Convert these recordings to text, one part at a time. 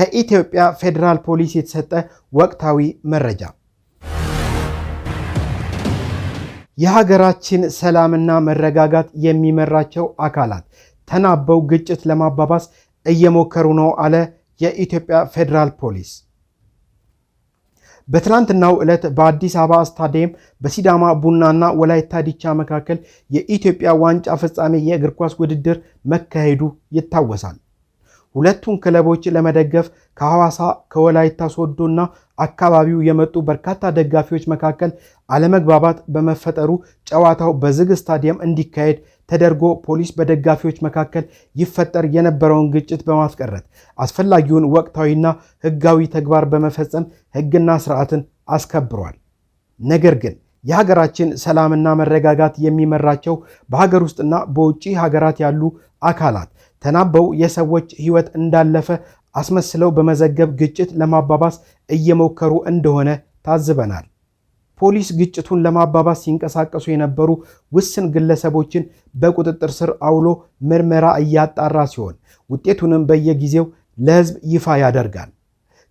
ከኢትዮጵያ ፌዴራል ፖሊስ የተሰጠ ወቅታዊ መረጃ የሀገራችን ሰላምና መረጋጋት የሚመራቸው አካላት ተናበው ግጭት ለማባባስ እየሞከሩ ነው አለ የኢትዮጵያ ፌዴራል ፖሊስ። በትናንትናው ዕለት በአዲስ አበባ ስታዲየም በሲዳማ ቡናና ወላይታ ዲቻ መካከል የኢትዮጵያ ዋንጫ ፍጻሜ የእግር ኳስ ውድድር መካሄዱ ይታወሳል። ሁለቱን ክለቦች ለመደገፍ ከሐዋሳ ከወላይታ ሶዶና አካባቢው የመጡ በርካታ ደጋፊዎች መካከል አለመግባባት በመፈጠሩ ጨዋታው በዝግ ስታዲየም እንዲካሄድ ተደርጎ ፖሊስ በደጋፊዎች መካከል ይፈጠር የነበረውን ግጭት በማስቀረት አስፈላጊውን ወቅታዊና ሕጋዊ ተግባር በመፈጸም ሕግና ስርዓትን አስከብሯል። ነገር ግን የሀገራችን ሰላምና መረጋጋት የሚመራቸው በሀገር ውስጥና በውጭ ሀገራት ያሉ አካላት ተናበው የሰዎች ሕይወት እንዳለፈ አስመስለው በመዘገብ ግጭት ለማባባስ እየሞከሩ እንደሆነ ታዝበናል። ፖሊስ ግጭቱን ለማባባስ ሲንቀሳቀሱ የነበሩ ውስን ግለሰቦችን በቁጥጥር ስር አውሎ ምርመራ እያጣራ ሲሆን ውጤቱንም በየጊዜው ለሕዝብ ይፋ ያደርጋል።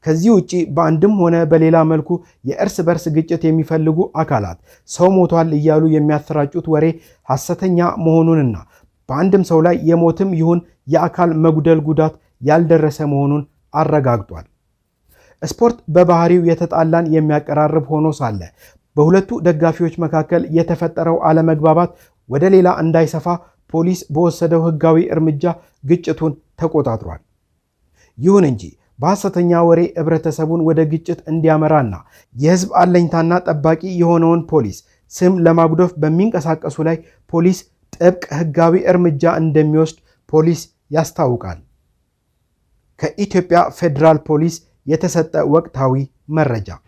ከዚህ ውጪ በአንድም ሆነ በሌላ መልኩ የእርስ በርስ ግጭት የሚፈልጉ አካላት ሰው ሞቷል እያሉ የሚያሰራጩት ወሬ ሐሰተኛ መሆኑንና በአንድም ሰው ላይ የሞትም ይሁን የአካል መጉደል ጉዳት ያልደረሰ መሆኑን አረጋግጧል። ስፖርት በባህሪው የተጣላን የሚያቀራርብ ሆኖ ሳለ በሁለቱ ደጋፊዎች መካከል የተፈጠረው አለመግባባት ወደ ሌላ እንዳይሰፋ ፖሊስ በወሰደው ሕጋዊ እርምጃ ግጭቱን ተቆጣጥሯል። ይሁን እንጂ በሐሰተኛ ወሬ ህብረተሰቡን ወደ ግጭት እንዲያመራና የህዝብ አለኝታና ጠባቂ የሆነውን ፖሊስ ስም ለማጉደፍ በሚንቀሳቀሱ ላይ ፖሊስ ጥብቅ ህጋዊ እርምጃ እንደሚወስድ ፖሊስ ያስታውቃል። ከኢትዮጵያ ፌዴራል ፖሊስ የተሰጠ ወቅታዊ መረጃ